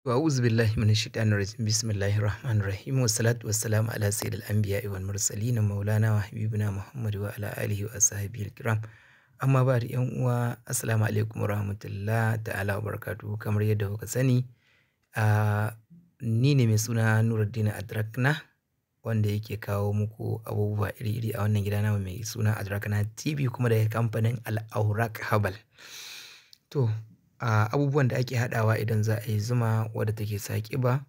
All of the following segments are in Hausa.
Wa uzu billahi min shaitanir rajim bismillahir rahmanir rahim wa salatu wa salam ala sayyidil anbiya'i wal mursalin maulana wa habibina muhammad wa ala alihi wa amma ba da yan uwa assalamu alaikum wa rahmatullah wa barakatuhu kamar yadda kuka sani ne mai suna Adrakna wanda yake kawo muku abubuwa iri-iri a wannan gida mai suna Adrakna TV kuma daga kamfanin al Habal to abubuwan da ake haɗawa idan za a yi zuma wadda take sa ƙiba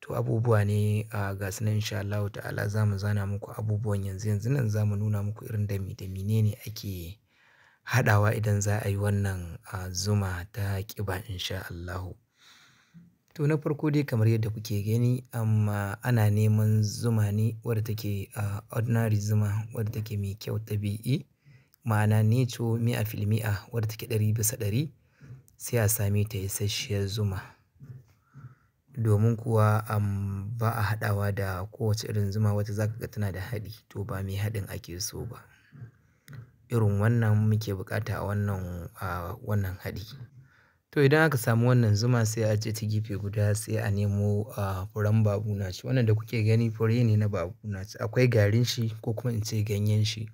to abubuwa ne ga su nan insha ta'ala za mu zana muku abubuwan yanzu yanzu nan za mu nuna muku irin da da ne ake haɗawa idan za a yi wannan zuma ta ƙiba insha Allah to na farko dai kamar yadda kuke gani amma ana neman zuma ne wadda take ordinary zuma wadda take mai kyau tabi'i ma'ana neco mi'a fil mi'a wadda take ɗari bisa ɗari sai a sami ta isasshiyar zuma. Domin kuwa um, ba a haɗawa da kowace irin zuma wata za ka ga tana da haɗi to ba mai haɗin ake so ba. Irin wannan muke buƙata a wannan, wannan haɗi. To idan aka samu wannan zuma sai a je ta gefe guda sai a nemo, a, furen babu naci. Wannan da kuke gani fure ne na babu naci. Akwai garin shi ko kuma in ce ganyen shi.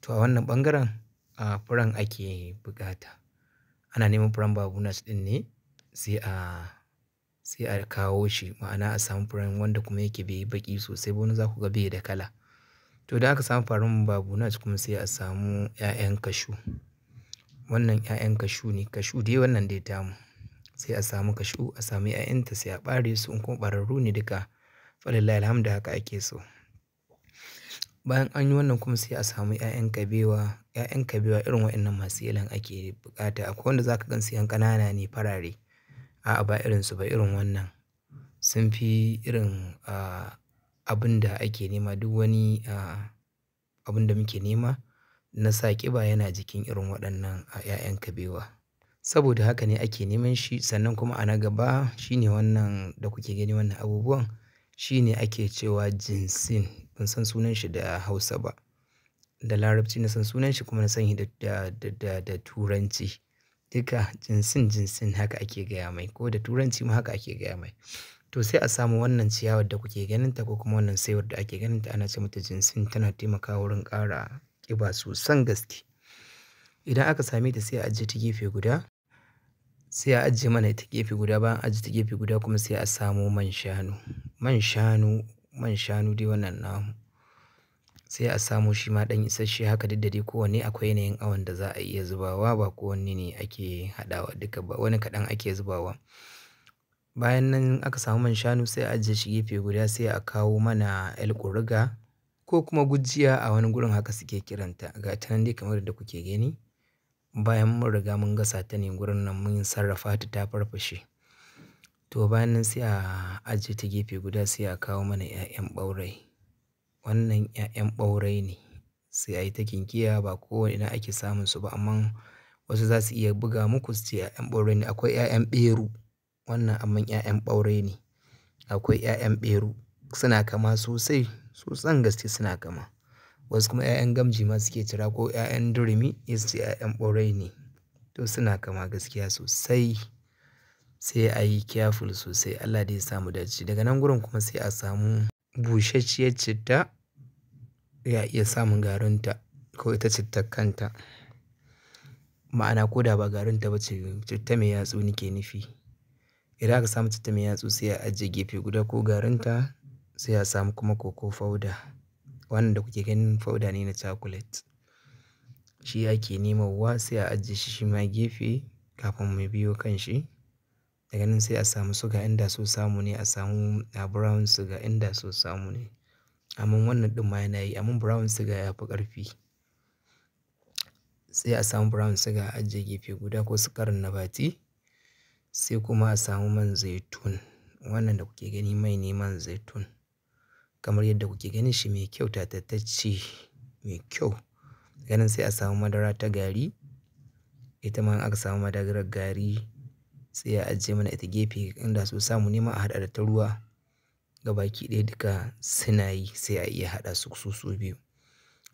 To a wannan ɓangaren, a, furen ake buƙata. ana neman furen bunas din ne sai a sai a kawo shi ma'ana a samu furen wanda kuma yake bai baki sosai ba wani za ku ga bai da kala to da aka samu farin bunas kuma sai a samu ƴaƴan kashu wannan ƴaƴan kashu ne kashu dai wannan dai tamu sai a samu kashu a samu 'ya'yanta sai a ɓare su in kuma ɓararru ne duka falillahi alhamdu haka ake so Bayan an yi wannan kuma sai a samu 'ya'yan kabewa. ‘ya’yan kabewa irin waɗannan masu yelon ake buƙata. Akwai wanda za ka gan su ƙanana ne farare. A'a ba irinsu ba irin wannan. Sun fi irin, ah, abin da ake nema duk wani, ah, abin da muke nema na sa ƙiba yana jikin irin waɗannan, 'ya'yan ah, yayan kabewa. Saboda haka ne ake neman shi sannan kuma a na gaba shine wannan da kuke gani wannan abubuwan shine ake cewa jinsin. ban san sunan shi da Hausa ba da Larabci na san sunan shi kuma na san shi da da da Turanci duka jinsin jinsin haka ake gaya mai ko da Turanci ma haka ake gaya mai to sai a samu wannan ciyawar da kuke ganin ta ko kuma wannan saiwar da ake ganin ta ana ce mata jinsin tana taimaka wurin ƙara ƙiba sosan gaske idan aka same ta sai a ajiye ta gefe guda sai a ajiye mana ta gefe guda bayan ajiye ta gefe guda kuma sai a samo man shanu man shanu man shanu dai wannan namu. Sai a samu shi ma ɗan isasshe haka duk da dai kowanne akwai yanayin awon da za a iya zubawa ba kowanne ne ake haɗawa duka ba wani kaɗan ake zubawa. Bayan nan aka samu man shanu sai a ajiye shi gefe guda sai a kawo mana ƴar ƙuriga ko kuma gujiya a wani gurin haka suke kiranta. Ga ta nan dai kamar da kuke gani. Bayan mun riga mun gasa ta ne gurin nan mun sarrafa ta ta farfashe. To bayan nan sai a ajiye ta gefe guda sai a kawo mana 'ya'yan ɓaurai. Wannan 'ya'yan ɓaurai ne sai a yi ta kinkiya ba kowane ina ake samun su ba amma wasu za su iya buga muku su ce 'ya'yan ɓaurai ne. Akwai 'ya'yan ɓeru wannan amma 'ya'yan ɓaurai ne. Akwai 'ya'yan ɓeru suna kama sosai, sosan gaske suna kama. Wasu kuma 'ya'yan gamji ma suke cira ko 'ya'yan durumi sai su ce 'ya'yan ɓaurai ne. To suna kama gaskiya sosai. sai a yi careful sosai. Allah dai ya samu dace. Daga nan gurin kuma sai a samu busasshiyar citta, ya iya samun garinta ko ita citta kanta. Ma'ana ko da ba garinta ba ce, citta mai yatsu nake nufi. Idan aka samu citta mai yatsu sai a ajiye gefe guda ko garinta sai a samu kuma koko fauda, Wannan da kuke ganin fauda ne na chocolate. Shi ake nemawa sai a ajiye shi ma gefe kafin mu biyo kan shi. Daga nan sai a samu suga inda so samu ne a samu ah, brown suga inda so samu ne. Amma wannan ɗin ma yana yi amma brown suga ya fi ƙarfi. Sai a samu brown suga a ajiye gefe guda ko sukarin bati, Sai kuma a samu man zaitun. Wannan da kuke gani mai ne man zaitun. Kamar yadda kuke ganin shi mai kyau tattace mai kyau. ganin sai a samu madara ta gari. Ita ma aka samu madarar gari sai ya ajiye mana ita gefe inda so samu nema a haɗa da ta ruwa gabaki ɗaya duka suna yi sai a iya haɗa su su su biyu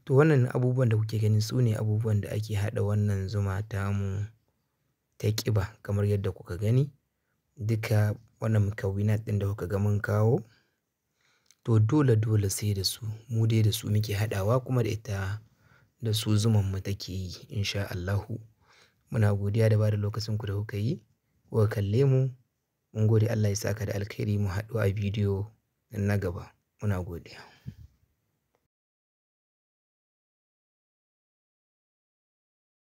to wannan abubuwan da kuke gani su ne abubuwan da ake haɗa wannan zuma tamu ta ƙiba kamar yadda kuka gani duka wannan mukawinat ɗin da kuka ga mun kawo to dole dole sai da su mu dai da su muke haɗawa kuma da ita da su zuman mu take yi insha Allahu muna godiya da bada lokacin ku da kuka yi kuka kalle mu. Mun gode Allah ya saka da alkhairi mu haɗu a bidiyo na gaba. Muna godiya.